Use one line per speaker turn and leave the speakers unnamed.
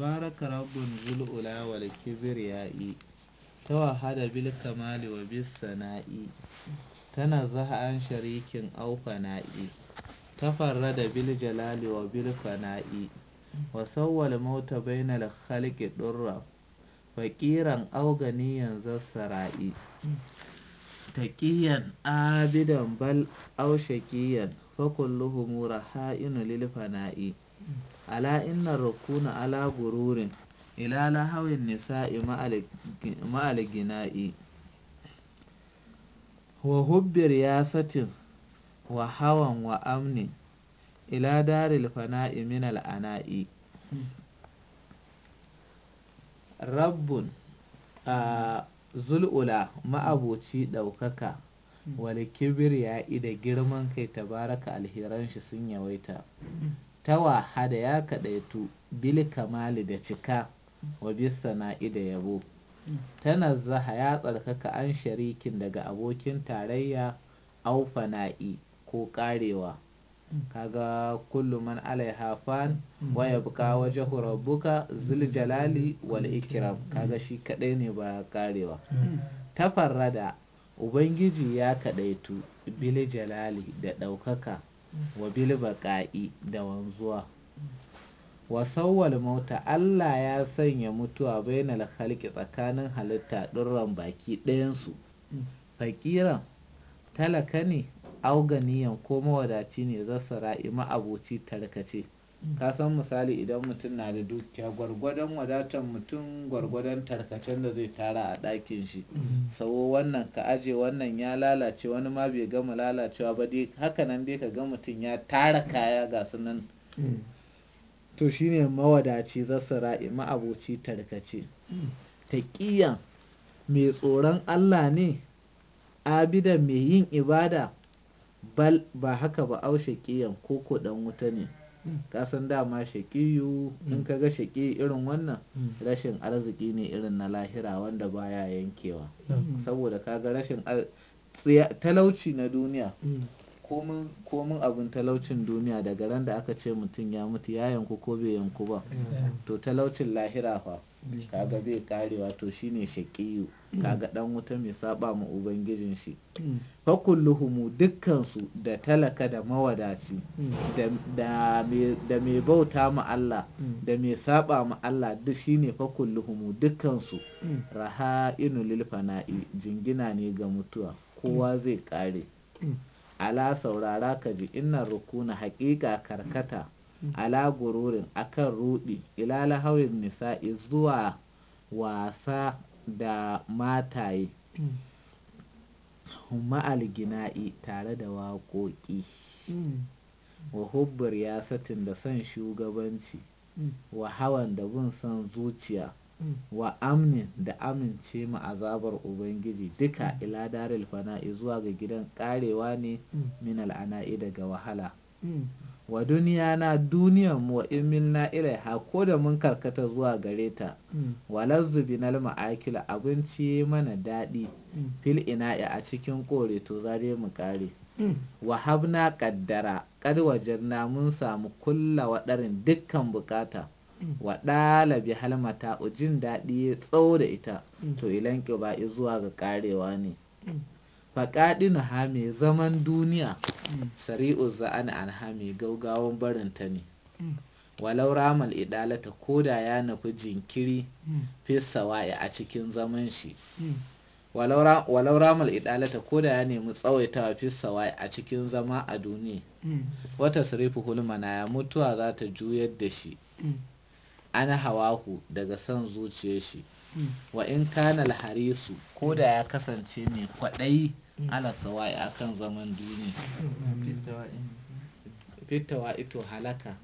بارك رب ذو الأولى والكبرياء توحد بالكمال وبالثناء تنزه عن شريك أو فناء تفرد بالجلال وبالفناء وسوى الموت بين الخلق ضرا فقيرا أو غنيا ذا السراء تكيا عابدا بل أو شكيا فكلهم رحائن للفناء ala inna rukuna ala gururin ila hawin nisa'i ma'al gina'i wa hubbir yasatin wa hawan wa amni ila daril fana'i min al'ana'i rabbun a zul'ula ma'aboci ɗaukaka wal kibir ya da girman kai tabaraka alhiran shi sun yawaita ta wahada ya kadaitu bil kamali da cika wa bisa da yabo Tanazaha ya tsarkaka an sharikin daga abokin tarayya au fana'i ko karewa kaga kullum man alaiha fan wa yabqa wajhu rabbuka zul jalali wal ikram kaga shi kadai ne ba karewa tafarrada ubangiji ya kadaitu bil jalali da daukaka wa bil baqa'i da wanzuwa wa sawwal mauta Allah ya sanya mutuwa bainal khalqi tsakanin halitta durran baki ɗayansu faƙiran talaka ne auganiyan ko mawadaci ne ma ma'aboci tarkace ka san misali idan mutum na da dukiya gwargwadon wadatar mutum gwargwadon tarkacen da zai tara a ɗakin shi sau wannan ka aje wannan ya lalace wani ma bai gama lalacewa ba dai hakanan dai ka ga mutum ya tara kaya ga sunan nan to shine mawadaci zassara'i ma'aboci tarkace taƙiyan mai tsoron allah ne abidan mai yin ibada ba haka ba aushe kiyan ko ɗan wuta ne Ka kasan dama shaƙiyu in mm. ka ga shaƙi irin wannan mm. rashin arziki ne irin na lahira wanda baya yankewa mm. saboda ka ga rashin talauci na duniya komin abin talaucin duniya daga ran da aka ce mutum ya mutu ya yanku ko bai yanku ba to talaucin lahira fa kaga bai karewa to shine shaqiyu kaga dan wuta mai saba ma ubangijin shi fa kulluhum dukkan su da talaka da mawadaci da mai bauta mu Allah da mai saba mu Allah duk shine fa kulluhum dukkan su raha'inu lilfana'i jingina ne ga mutuwa kowa zai kare ala saurara ka ji innan rukuna haƙiƙa karkata ala gururin akan rudi ila lahawin nisa'i zuwa wasa da mataye ma'al gina'i tare da waƙoƙi wa hubbar yasatin da son shugabanci wa hawan da bin san zuciya wa amnin da amince mu azabar ubangiji duka ila daril fana'i zuwa ga gidan karewa ne min al'ana'i daga wahala wa duniya na duniyan mu in milna ilaiha ko da mun karkata zuwa gare ta wa lazzubi nal ma'akila abinci mana daɗi fil ina'i a cikin kore to za mu kare wa habna kaddara wajen na mun samu kulla wadarin dukkan bukata wa bi halmata jin daɗi ya tsawo da ita mm. to ilan ba zuwa ga karewa ne mm. faƙaɗin ha mai zaman duniya mm. sari'u za'an an ha mai gaugawan barinta ne walau ramal idalata koda ya nufi jinkiri fi sawa'i a cikin zaman shi walau ramal idalata koda ya nemi tsawaitawa fi sawa'i a cikin zama a duniya wata sarifu hulmana ya mutuwa za ta juyar da shi Ana hawa ku daga son zuciyar shi hmm. wa in kana harisu ko da ya kasance mai kwaɗayi hmm. ala sawai akan zaman duniya hmm. fitawa ito halaka